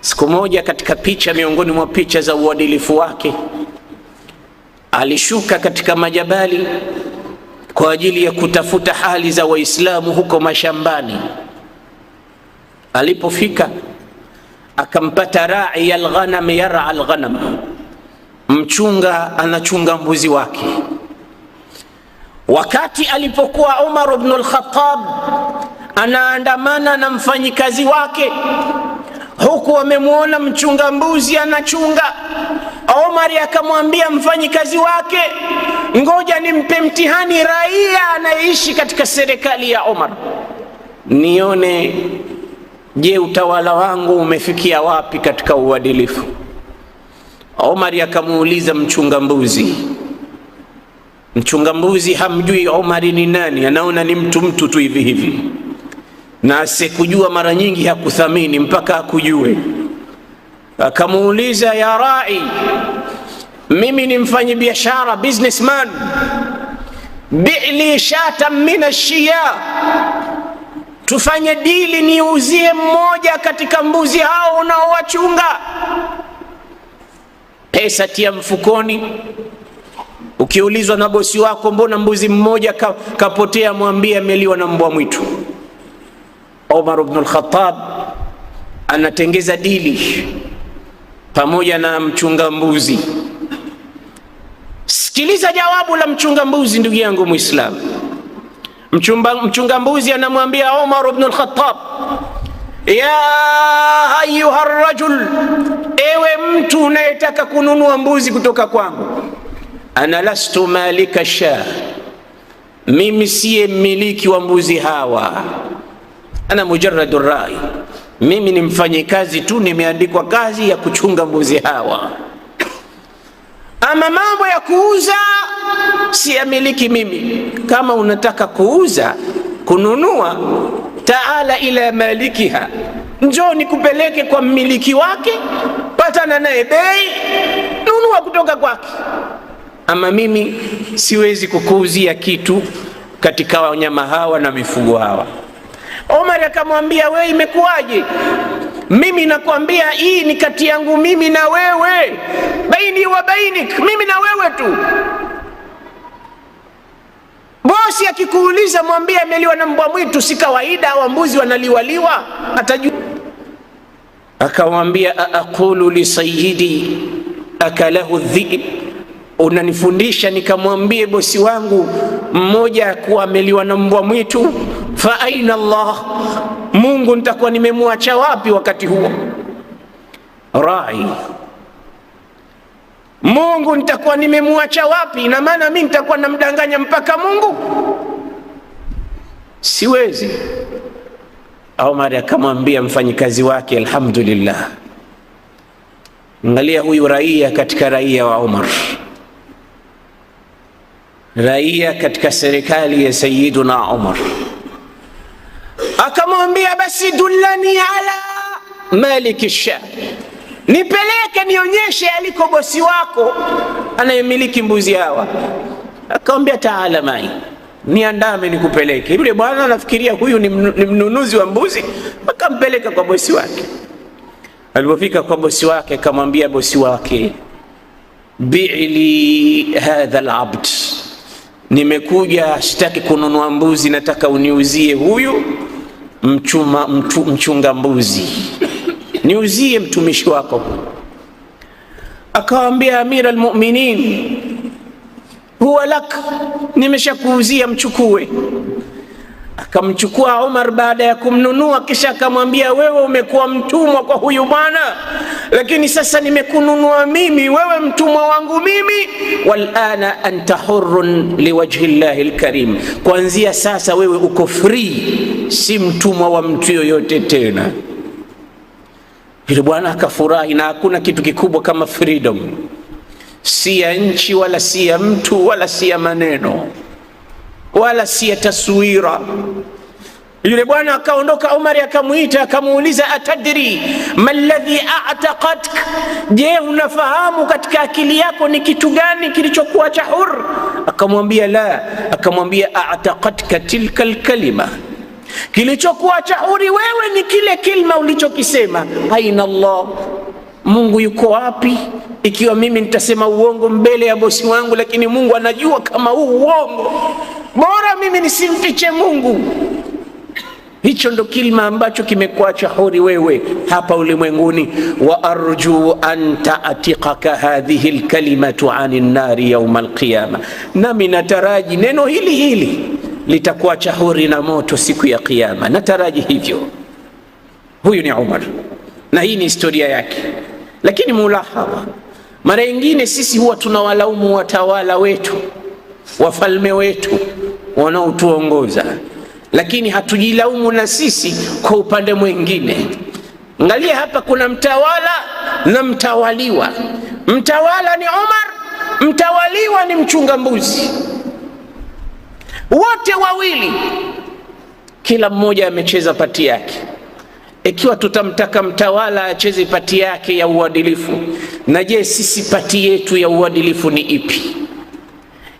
Siku moja katika picha miongoni mwa picha za uadilifu wake, alishuka katika majabali kwa ajili ya kutafuta hali za Waislamu huko mashambani. Alipofika akampata rai alghanam yara alghanam, mchunga anachunga mbuzi wake. Wakati alipokuwa Umar ibn al-Khattab anaandamana na mfanyikazi wake huku wamemwona mchunga mbuzi anachunga. Omari akamwambia mfanyikazi wake, ngoja nimpe mtihani raia anayeishi katika serikali ya Omar, nione je, utawala wangu umefikia wapi katika uadilifu. Omari akamuuliza mchunga mbuzi. Mchunga mbuzi hamjui Omari ni nani, anaona ni mtu mtu tu hivi hivi na asikujua mara nyingi hakuthamini mpaka akujue. Akamuuliza, ya rai, mimi ni mfanyi biashara businessman, bili shatan min ashia, tufanye dili, niuzie mmoja katika mbuzi hao unaowachunga. Pesa tia mfukoni. Ukiulizwa na bosi wako, mbona mbuzi mmoja kapotea, mwambie ameliwa na mbwa mwitu. Omar ibn al-Khattab anatengeza dili pamoja na mchunga mbuzi. Sikiliza jawabu la mchunga mbuzi, ndugu yangu Muislamu. Mchunga mbuzi anamwambia Omar ibn al-Khattab, ya ayuha rajul, ewe mtu unayetaka kununua mbuzi kutoka kwangu, ana lastu malika sha, mimi siye mmiliki wa mbuzi hawa ana mujaradu rai, mimi ni mfanyikazi tu, nimeandikwa kazi ya kuchunga mbuzi hawa. Ama mambo ya kuuza siyamiliki mimi. Kama unataka kuuza kununua, taala ila malikiha, njoo nikupeleke kwa mmiliki wake, patana naye bei, nunua kutoka kwake. Ama mimi siwezi kukuuzia kitu katika wanyama hawa na mifugo hawa. Omar akamwambia we imekuwaje? Mimi nakwambia hii ni kati yangu mimi na wewe, baini wa bainik, mimi na wewe tu. Bosi akikuuliza mwambie ameliwa na mbwa mwitu, si kawaida wa mbuzi wanaliwaliwa, atajua. Akamwambia aaqulu lisayidi akalahu dhib, unanifundisha nikamwambie bosi wangu mmoja kuwa ameliwa na mbwa mwitu? fa aina Allah, Mungu nitakuwa nimemwacha wapi wakati huo? Rai, Mungu nitakuwa nimemwacha wapi? Ina maana mimi nitakuwa namdanganya mpaka Mungu? Siwezi. Omar akamwambia mfanyikazi wake, alhamdulillah, angalia huyu raia katika raia wa Omar, raia katika serikali ya Sayyiduna Omar akamwambia basi dullani ala maliki sha, nipeleke nionyeshe aliko bosi wako anayemiliki mbuzi hawa. Akamwambia taala mai, niandame nikupeleke. Yule bwana anafikiria huyu ni mnunuzi wa mbuzi, akampeleka kwa bosi wake. Alipofika kwa bosi wake, akamwambia bosi wake, bi'li hadha labd, nimekuja sitaki kununua mbuzi, nataka uniuzie huyu mchuma mtu, mchunga mbuzi, niuzie mtumishi wako. Akawambia Amira Almuminin, huwa lak, nimeshakuuzia mchukue akamchukua Omar baada ya kumnunua, kisha akamwambia, wewe umekuwa mtumwa kwa huyu bwana, lakini sasa nimekununua mimi, wewe mtumwa wangu mimi. Walana anta hurun liwajhi llahi lkarim, kuanzia sasa wewe uko free, si mtumwa wa mtu yoyote tena. Yule bwana akafurahi, na hakuna kitu kikubwa kama freedom, si ya nchi wala si ya mtu wala si ya maneno wala si ya taswira. Yule bwana akaondoka, Umari akamwita akamuuliza, atadri maladhi atakatk, je, unafahamu katika akili yako ni kitu gani kilichokuwa cha hur? Akamwambia la, akamwambia atakatka tilka lkalima kilichokuwa cha huri wewe ni kile kilma ulichokisema, aina Allah, Mungu yuko wapi? Ikiwa mimi nitasema uongo mbele ya bosi wangu, lakini Mungu anajua kama huu uongo bora mimi nisimfiche Mungu. Hicho ndo kilima ambacho kimekuacha hori wewe hapa ulimwenguni. wa arju an taatikaka hadhihi lkalimatu ani nnari yauma alqiyama, nami nataraji neno hili hili litakuacha hori na moto siku ya Kiyama. Nataraji hivyo. Huyu ni Umar na hii ni historia yake, lakini mulahadha, mara nyingine sisi huwa tunawalaumu watawala wetu, wafalme wetu wanaotuongoza, lakini hatujilaumu na sisi kwa upande mwingine. Angalia hapa, kuna mtawala na mtawaliwa. Mtawala ni Omar, mtawaliwa ni mchunga mbuzi. Wote wawili, kila mmoja amecheza pati yake. Ikiwa tutamtaka mtawala acheze pati yake ya uadilifu, na je, sisi pati yetu ya uadilifu ni ipi?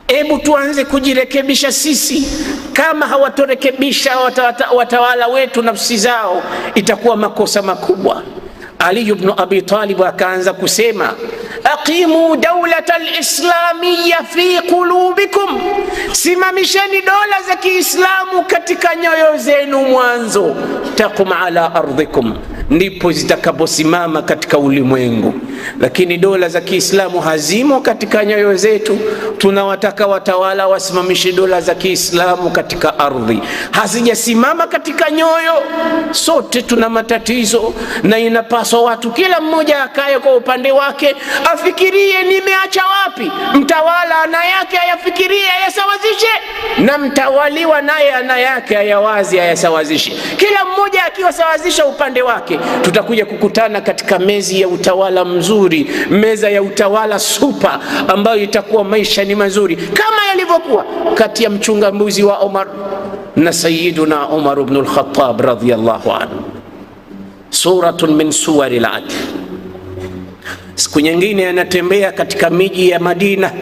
Hebu tuanze kujirekebisha sisi. Kama hawatorekebisha watawala wetu nafsi zao, itakuwa makosa makubwa. Ali ibn Abi Talib akaanza kusema aqimu dawlata alislamiya fi qulubikum, simamisheni dola za Kiislamu katika nyoyo zenu, mwanzo taqum ala ardhikum ndipo zitakaposimama katika ulimwengu. Lakini dola za Kiislamu hazimo katika nyoyo zetu. Tunawataka watawala wasimamishe dola za Kiislamu katika ardhi, hazijasimama katika nyoyo. Sote tuna matatizo, na inapaswa watu kila mmoja akaye kwa upande wake, afikirie nimeacha wapi. Mtawala na yake ayafikirie, ayasawazishe na mtawaliwa naye ana yake ayawazi ayasawazishi kila mmoja akiwasawazisha upande wake, tutakuja kukutana katika mezi ya utawala mzuri, meza ya utawala supa, ambayo itakuwa maisha ni mazuri kama yalivyokuwa kati ya mchunga mbuzi wa Omar na Sayyiduna Omar ibn al-Khattab radhiyallahu anhu. Suratun min suwaril al-adl. Siku nyingine anatembea katika miji ya Madina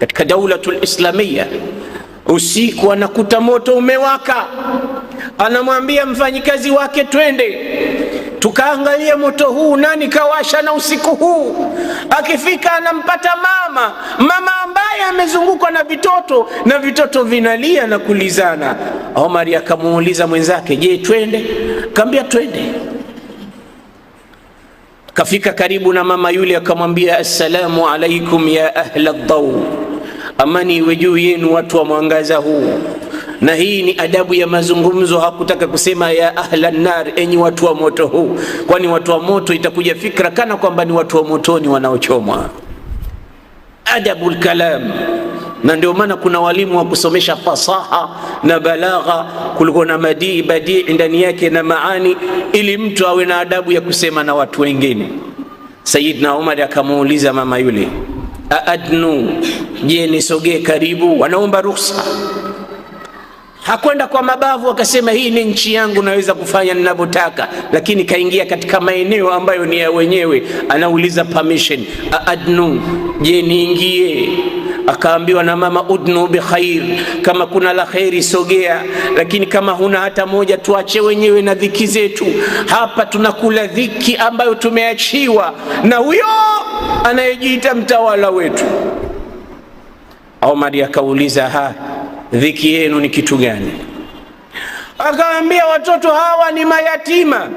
katika daulatul Islamia Usiku anakuta moto umewaka, anamwambia mfanyikazi wake, twende tukaangalia moto huu, nani kawasha na usiku huu. Akifika anampata mama, mama ambaye amezungukwa na vitoto na vitoto vinalia na kulizana. Omari akamuuliza mwenzake, je, twende? Kaambia twende. Kafika karibu na mama yule, akamwambia assalamu alaikum ya ahla ldau Amani iwe juu yenu watu wa mwangaza huu. Na hii ni adabu ya mazungumzo, hakutaka kusema ya ahla enyi watu wa moto huu, kwani watu wa moto itakuja fikra kana kwamba ni watu wa motoni wanaochomwa. adabu lkalam na ndio maana kuna walimu wa kusomesha fasaha na balagha, kuliko na madii badii ndani yake na maani, ili mtu awe na adabu ya kusema na watu wengine. sayidna Umar akamuuliza mama yule aadnu, je nisogee karibu, wanaomba ruhusa. Hakwenda kwa mabavu akasema hii ni nchi yangu, naweza kufanya ninavyotaka, lakini kaingia katika maeneo ambayo ni ya wenyewe, anauliza permission. Aadnu, je niingie akaambiwa na mama udnu bikhair, kama kuna la kheri sogea, lakini kama huna hata moja tuache wenyewe na dhiki zetu. Hapa tunakula dhiki ambayo tumeachiwa na huyo anayejiita mtawala wetu. Omari akauliza, ha, dhiki yenu ni kitu gani? Akaambia, watoto hawa ni mayatima,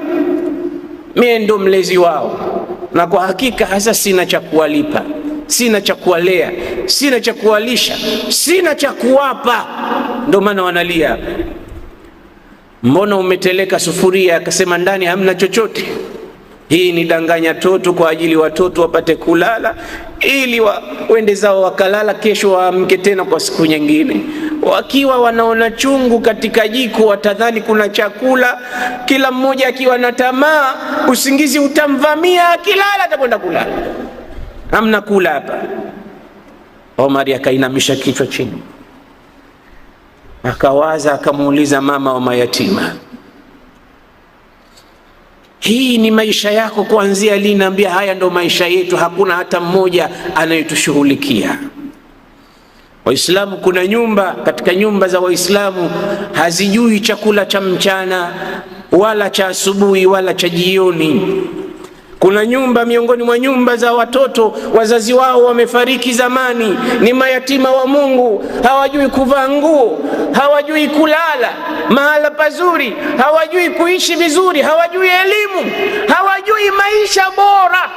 mie ndo mlezi wao, na kwa hakika hasa sina cha kuwalipa sina cha kuwalea, sina cha kuwalisha, sina cha kuwapa, ndio maana wanalia. Mbona umeteleka sufuria? Akasema ndani hamna chochote. Hii ni danganya toto kwa ajili watoto wapate kulala, ili waende zao wakalala, kesho waamke tena kwa siku nyingine. Wakiwa wanaona chungu katika jiko, watadhani kuna chakula. Kila mmoja akiwa na tamaa, usingizi utamvamia, akilala atakwenda kulala hamna kula hapa. Omari akainamisha kichwa chini, akawaza, akamuuliza mama wa mayatima, hii ni maisha yako kuanzia lini? Naambia haya ndo maisha yetu, hakuna hata mmoja anayetushughulikia Waislamu kuna nyumba katika nyumba za Waislamu hazijui chakula cha mchana wala cha asubuhi wala cha jioni. Kuna nyumba miongoni mwa nyumba za watoto wazazi wao wamefariki zamani, ni mayatima wa Mungu, hawajui kuvaa nguo, hawajui kulala mahala pazuri, hawajui kuishi vizuri, hawajui elimu, hawajui maisha bora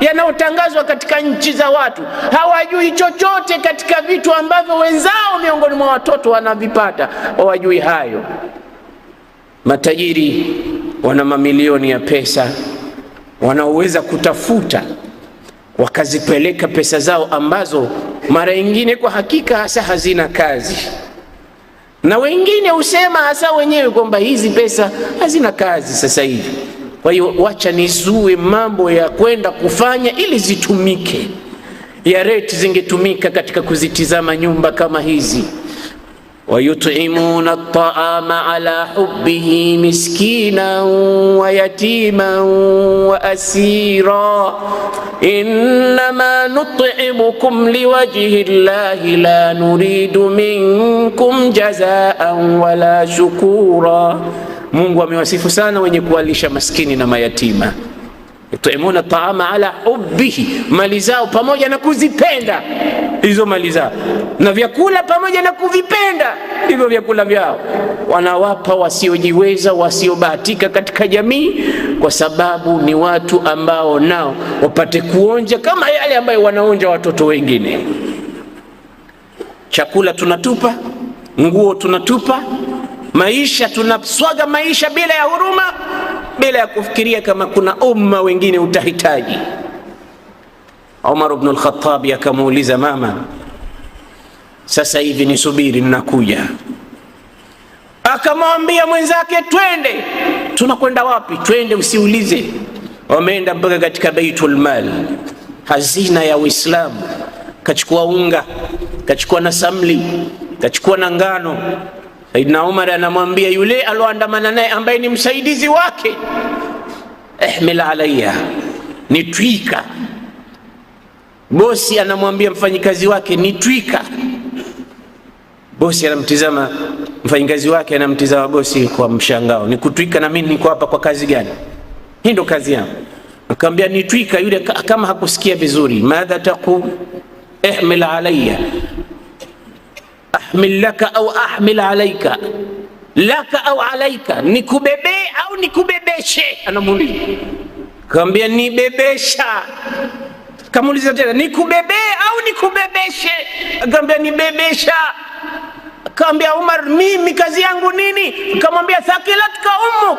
yanayotangazwa katika nchi za watu, hawajui chochote katika vitu ambavyo wenzao miongoni mwa watoto wanavipata, hawajui hayo. Matajiri wana mamilioni ya pesa wanaoweza kutafuta wakazipeleka pesa zao ambazo mara nyingine kwa hakika hasa hazina kazi, na wengine husema hasa wenyewe kwamba hizi pesa hazina kazi sasa hivi. Kwa hiyo wacha nizue mambo ya kwenda kufanya ili zitumike. Ya reti zingetumika katika kuzitizama nyumba kama hizi. ويطعمون الطعام على حبه مسكينا ويتيما واسيرا انما نطعمكم لوجه الله لا نريد منكم جزاء ولا شكورا mungu amewasifu sana wenye kuwalisha maskini na mayatima yutimuna taama ala hubihi mali zao pamoja na kuzipenda hizo mali zao, na vyakula pamoja na kuvipenda hivyo vyakula vyao. Wanawapa wasiojiweza, wasiobahatika katika jamii, kwa sababu ni watu ambao nao wapate kuonja kama yale ambayo wanaonja watoto wengine. Chakula tunatupa, nguo tunatupa, maisha tunaswaga, maisha bila ya huruma bila ya kufikiria kama kuna umma wengine utahitaji. Umar ibn al-Khattab akamuuliza mama, sasa hivi nisubiri, ninakuja. Akamwambia mwenzake, twende. Tunakwenda wapi? Twende, usiulize. Wameenda mpaka katika Baitul Mal, hazina ya Uislamu. Kachukua unga, kachukua na samli, kachukua na ngano Saidna Umar anamwambia yule aloandamana naye ambaye ni msaidizi wake, ihmil eh, alaya, ni twika. Bosi anamwambia mfanyikazi wake ni twika. Bosi anamtizama mfanyikazi wake, anamtizama bosi kwa mshangao, ni kutwika na mimi niko hapa kwa kazi gani? Hii ndo kazi yangu. Akamwambia ni twika. Yule kama hakusikia vizuri, madha taqul ihmil eh, alaya ahmil laka au ahmil alaika, laka au alaika, nikubebee au nikubebeshe? Anamuuliza, kaambia nibebesha. Kamuuliza tena nikubebee au nikubebeshe? Akaambia nibebesha. Kaambia Umar, mimi kazi yangu nini? Kamwambia thakilatka ummuk.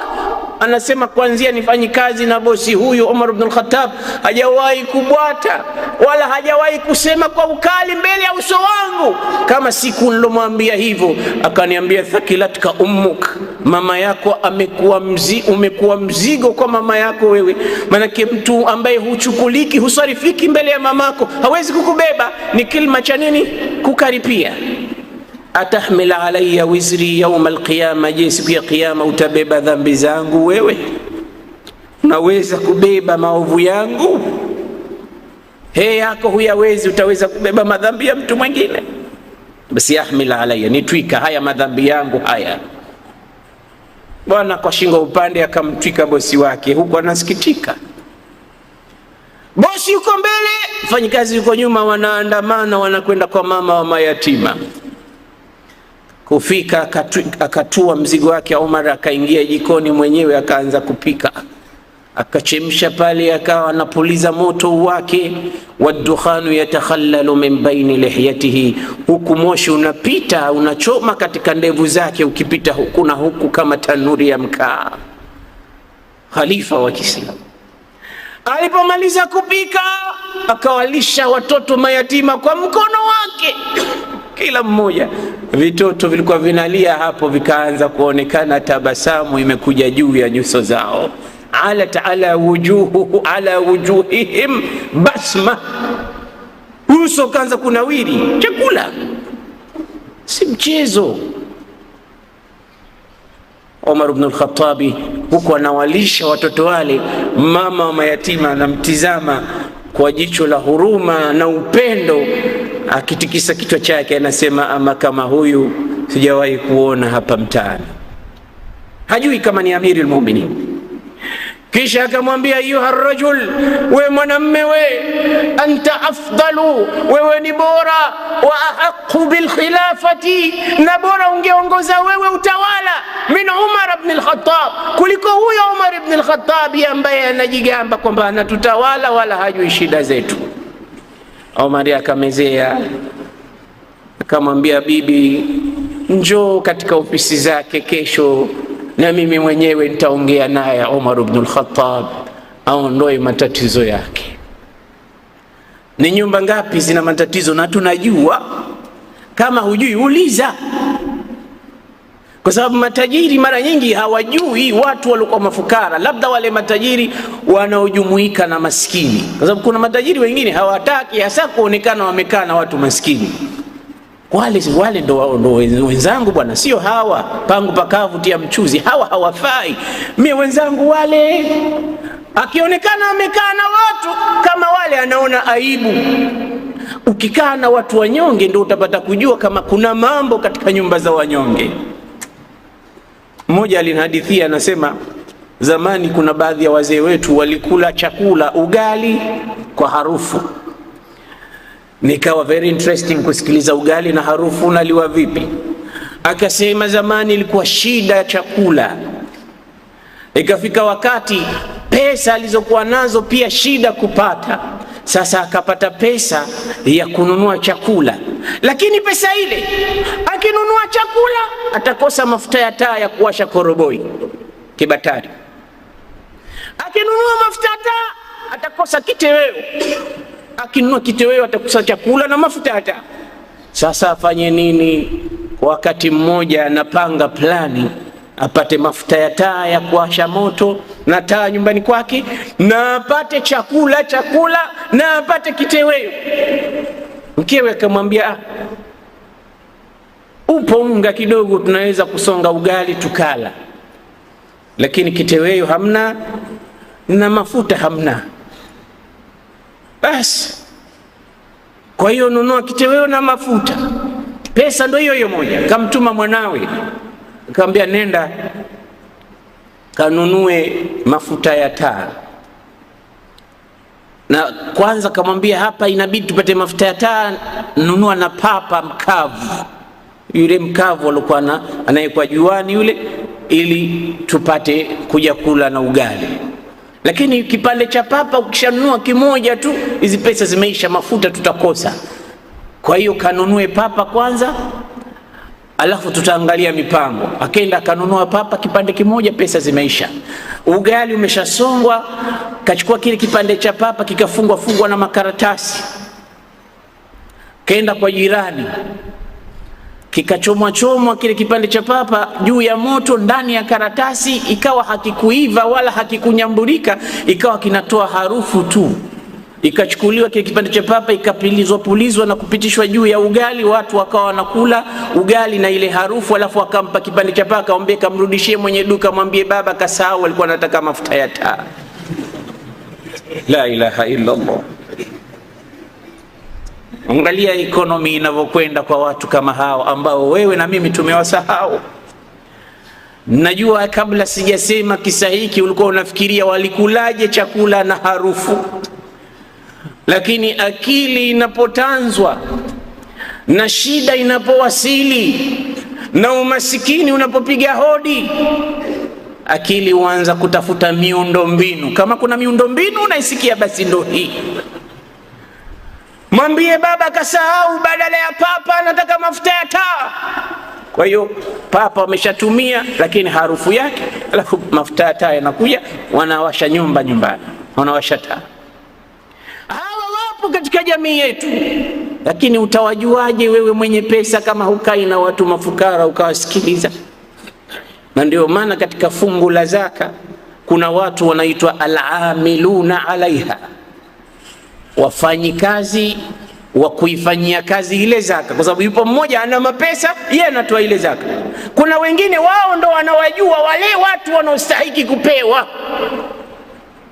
Anasema kwanzia nifanyi kazi na bosi huyu. Umar ibn khattab hajawahi kubwata wala hajawahi kusema kwa ukali mbele ya uso wangu kama siku nilomwambia hivyo. Akaniambia thakilatka ummuk, mama yako amekuwa mzi, umekuwa mzigo kwa mama yako wewe. Manake mtu ambaye huchukuliki husarifiki mbele ya mamako hawezi kukubeba. Ni kilima cha nini? Kukaripia atahmil alaya wizri yauma alqiyama, je, siku ya Kiyama utabeba dhambi zangu? Wewe unaweza kubeba maovu yangu? He, yako huyawezi, utaweza kubeba madhambi ya mtu mwingine? Basi ahmil alaya, nitwika haya madhambi yangu haya. Bwana kwa shingo upande akamtwika bosi wake, huku anasikitika. Bosi yuko mbele, mfanyikazi yuko nyuma, wanaandamana, wanakwenda kwa mama wa mayatima kufika akatua mzigo wake Omar, akaingia jikoni mwenyewe akaanza kupika, akachemsha pale, akawa anapuliza moto wake, wadukhanu yatakhallalu min baini lihyatihi, huku moshi unapita unachoma katika ndevu zake, ukipita huku na huku kama tanuri ya mkaa. Khalifa wa Kiislamu Alipomaliza kupika akawalisha watoto mayatima kwa mkono wake kila mmoja. Vitoto vilikuwa vinalia hapo, vikaanza kuonekana tabasamu imekuja juu ya nyuso zao. alat ala wujuhu ala wujuhihim basma, uso kaanza kunawiri. Chakula si mchezo. Omar ibn al-Khattabi huku anawalisha watoto wale, mama wa mayatima anamtizama kwa jicho la huruma na upendo, akitikisa kichwa chake anasema, ama kama huyu sijawahi kuona hapa mtaani. Hajui kama ni amiri Mu'minin. Kisha akamwambia ayuha rajul, we mwanamme, we anta afdalu, wewe ni bora, wa ahaqu bilkhilafati, na bora ungeongoza wewe utawala min Umar ibn al-Khattab, kuliko huyo Umar ibn al khattab ambaye anajigamba kwamba anatutawala wala hajui shida zetu. Omari akamezea akamwambia, bibi, njoo katika ofisi zake kesho na mimi mwenyewe nitaongea naye Omar ibn al-Khattab aondoe matatizo yake. Ni nyumba ngapi zina matatizo? Na tunajua kama hujui uliza, kwa sababu matajiri mara nyingi hawajui watu waliokuwa mafukara, labda wale matajiri wanaojumuika na maskini, kwa sababu kuna matajiri wengine hawataki hasa kuonekana wamekaa na watu maskini wale, wale ndo wenzangu bwana, sio hawa. Pangu pakavu tia mchuzi, hawa hawafai, mie wenzangu wale. Akionekana amekaa na watu kama wale, anaona aibu. Ukikaa na watu wanyonge, ndo utapata kujua kama kuna mambo katika nyumba za wanyonge. Mmoja alinihadithia anasema, zamani kuna baadhi ya wazee wetu walikula chakula ugali kwa harufu Nikawa very interesting kusikiliza ugali na harufu unaliwa vipi. Akasema zamani ilikuwa shida ya chakula, ikafika wakati pesa alizokuwa nazo pia shida kupata. Sasa akapata pesa ya kununua chakula, lakini pesa ile akinunua chakula atakosa mafuta ya taa ya kuwasha koroboi kibatari, akinunua mafuta ya taa atakosa kiteweo akinunua kitoweo atakusa chakula na mafuta hata. Sasa afanye nini? Wakati mmoja anapanga plani apate mafuta ya taa ya kuasha moto na taa nyumbani kwake, na apate chakula chakula, na apate kitoweo. Mkewe akamwambia ah, upo unga kidogo, tunaweza kusonga ugali tukala, lakini kitoweo hamna na mafuta hamna basi. Kwa hiyo nunua kitoweo na mafuta, pesa ndo hiyo hiyo moja. Kamtuma mwanawe akamwambia, nenda kanunue mafuta ya taa na kwanza kamwambia, hapa inabidi tupate mafuta ya taa, nunua na papa mkavu, yule mkavu alikuwa anayekuwa juani yule, ili tupate kuja kula na ugali. Lakini kipande cha papa ukishanunua kimoja tu, hizi pesa zimeisha, mafuta tutakosa. Kwa hiyo kanunue papa kwanza, alafu tutaangalia mipango. Akenda akanunua papa kipande kimoja, pesa zimeisha. Ugali umeshasongwa, kachukua kile kipande cha papa kikafungwa fungwa na makaratasi, kenda kwa jirani kikachomwa chomwa kile kipande cha papa juu ya moto ndani ya karatasi, ikawa hakikuiva wala hakikunyambulika, ikawa kinatoa harufu tu. Ikachukuliwa kile kipande cha papa ikapilizwa pulizwa na kupitishwa juu ya ugali, watu wakawa wanakula ugali na ile harufu, alafu akampa kipande cha papa, akamwambia kamrudishie mwenye duka, mwambie baba kasahau, alikuwa anataka mafuta ya taa. La ilaha illa Allah. Angalia ekonomi inavyokwenda kwa watu kama hao ambao wewe na mimi tumewasahau. Najua kabla sijasema kisa hiki ulikuwa unafikiria walikulaje chakula na harufu, lakini akili inapotanzwa na shida inapowasili na umasikini unapopiga hodi, akili huanza kutafuta miundo mbinu. Kama kuna miundo mbinu unaisikia, basi ndo hii mwambie baba kasahau, badala ya papa anataka mafuta ya taa. Kwa hiyo papa wameshatumia, lakini harufu yake, alafu mafuta ya taa yanakuja, wanawasha nyumba nyumbani, wanawasha taa. Hawa wapo katika jamii yetu, lakini utawajuaje wewe mwenye pesa kama hukai na watu mafukara ukawasikiliza? Na ndio maana katika fungu la zaka kuna watu wanaitwa alamiluna alaiha kazi wa kuifanyia kazi ile zaka, kwa sababu yupo mmoja ana mapesa, yeye anatoa ile zaka. Kuna wengine wao ndo wanawajua wale watu wanaostahiki kupewa.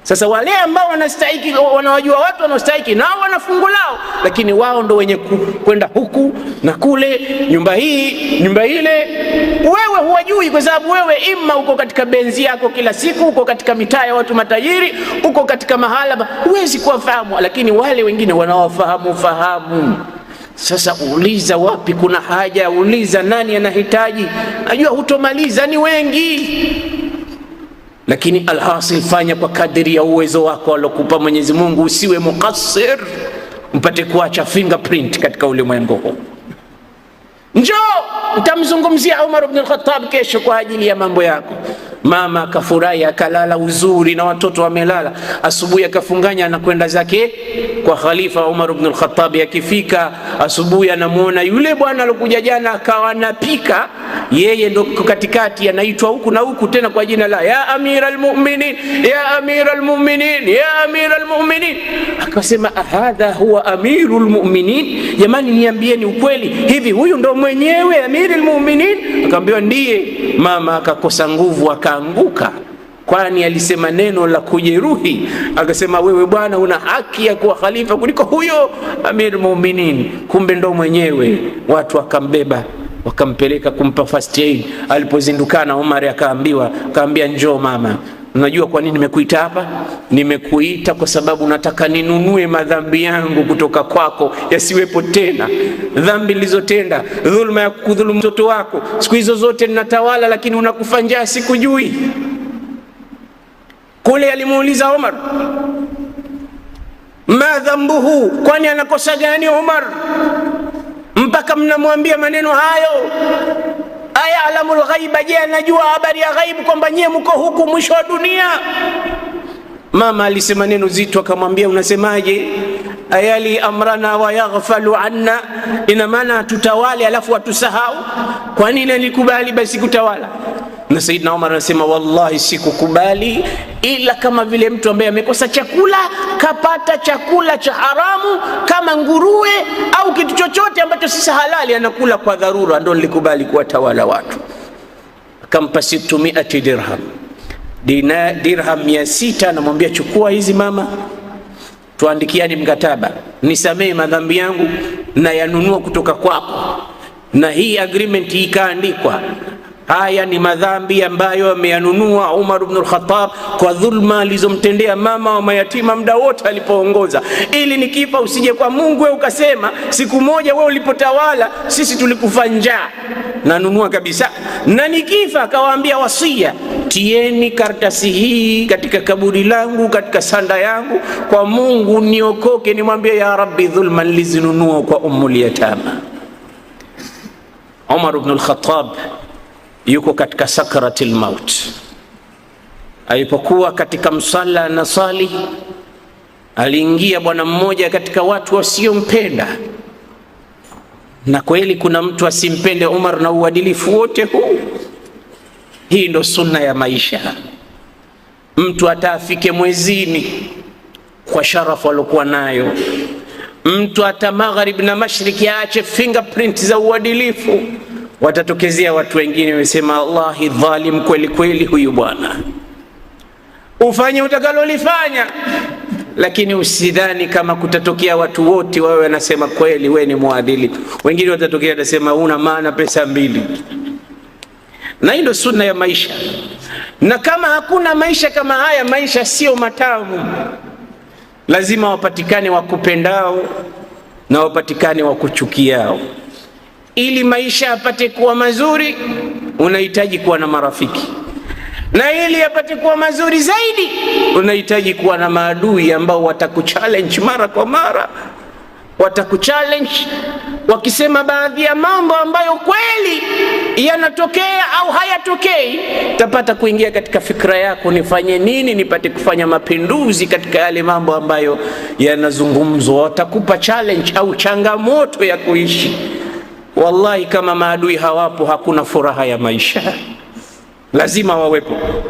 Sasa wale ambao wanastahiki, wanawajua watu wanaostahiki, nao wanafungu lao, lakini wao ndo wenye kwenda huku na kule, nyumba hii nyumba ile. Wewe hawajui, kwa sababu wewe imma uko katika benzi yako kila siku, uko katika mitaa ya watu matajiri, uko katika mahala, huwezi kuwafahamu, lakini wale wengine wanawafahamu fahamu. Sasa uliza wapi kuna haja, uliza nani anahitaji. Najua hutomaliza, ni wengi, lakini alhasil, fanya kwa kadiri ya uwezo wako alokupa Mwenyezi Mungu. Usiwe mukasir, mpate kuacha fingerprint katika ulimwengu huu. Njoo ntamzungumzia Umar ibn khattab kesho kwa ajili ya mambo yako. Mama akafurahi akalala uzuri na watoto wamelala. Asubuhi akafunganya na kwenda zake kwa Khalifa Umar ibn khattab Akifika asubuhi, anamwona yule bwana alokuja jana akawa anapika yeye ndo katikati anaitwa huku na huku tena kwa jina la ya amira almu'minin ya amira almu'minin ya amira almu'minin. Akasema ah, hadha huwa amiru almu'minin, jamani, niambieni ukweli, hivi huyu ndo mwenyewe amiri almu'minin? Akaambiwa ndiye. Mama akakosa nguvu, akaanguka kwani alisema neno la kujeruhi. Akasema wewe bwana, una haki ya kuwa khalifa kuliko huyo amir muuminin. Kumbe ndo mwenyewe, watu wakambeba wakampeleka kumpa first aid. Alipozindukana Omar akaambiwa, kaambia njoo mama, unajua kwa nini nimekuita hapa? Nimekuita kwa sababu nataka ninunue madhambi yangu kutoka kwako, yasiwepo tena dhambi nilizotenda, dhulma ya kudhulumu mtoto wako. Siku hizo zote ninatawala, lakini unakufa njaa, sikujui. Kule alimuuliza Omar, ma dhambuhu, kwani anakosa gani Omar? mpaka mnamwambia maneno hayo ayalamu lghaiba, je, anajua habari ya ghaibu kwamba nyie mko huku mwisho wa dunia? Mama alisema neno zito, akamwambia unasemaje? ayali amrana wa yaghfalu anna, ina maana tutawale alafu watusahau? Kwa nini alikubali basi kutawala? na Saidna Umar anasema wallahi, sikukubali ila kama vile mtu ambaye amekosa chakula kapata chakula cha haramu kama nguruwe au kitu chochote ambacho si halali, anakula kwa dharura, ndo nilikubali kuwatawala watu. Akampa sittu miati dirham, Dina, dirham mia sita, anamwambia chukua hizi mama, tuandikiani mkataba, nisamehe madhambi yangu na yanunua kutoka kwako, na hii agreement ikaandikwa Haya ni madhambi ambayo ameyanunua Umar ibn al-Khattab kwa dhulma alizomtendea mama wa mayatima muda wote alipoongoza, ili nikifa usije kwa Mungu wewe ukasema siku moja wewe ulipotawala sisi tulikufa njaa. Nanunua kabisa, na nikifa akawaambia wasia Tieni karatasi hii katika kaburi langu, katika sanda yangu, kwa Mungu niokoke, nimwambie ya Rabbi, dhulma nilizinunua kwa ummul yatama. Umar ibn al-Khattab yuko katika sakratil maut. Alipokuwa katika msala na sali, aliingia bwana mmoja katika watu wasiompenda, na kweli kuna mtu asimpende Umar na uadilifu wote huu? Hii ndo sunna ya maisha. Mtu ataafike mwezini kwa sharafu aliokuwa nayo mtu hata magharib na mashriki aache fingerprint za uadilifu. Watatokezea watu wengine wamesema, Allahi dhalim kweli kweli huyu bwana, ufanye utakalolifanya. Lakini usidhani kama kutatokea watu wote wawe wanasema kweli wewe ni mwadili. Wengine watatokea watasema una maana pesa mbili, na hii ndio sunna ya maisha. Na kama hakuna maisha kama haya, maisha sio matamu. Lazima wapatikane wakupendao na wapatikane wakuchukiao. Ili maisha yapate kuwa mazuri, unahitaji kuwa na marafiki, na ili yapate kuwa mazuri zaidi, unahitaji kuwa na maadui ambao watakuchallenge mara kwa mara, watakuchallenge wakisema baadhi ya mambo ambayo kweli yanatokea au hayatokei. Tapata kuingia katika fikra yako, nifanye nini nipate kufanya mapinduzi katika yale mambo ambayo yanazungumzwa. Watakupa challenge au changamoto ya kuishi Wallahi, kama maadui hawapo hakuna furaha ya maisha, lazima wawepo.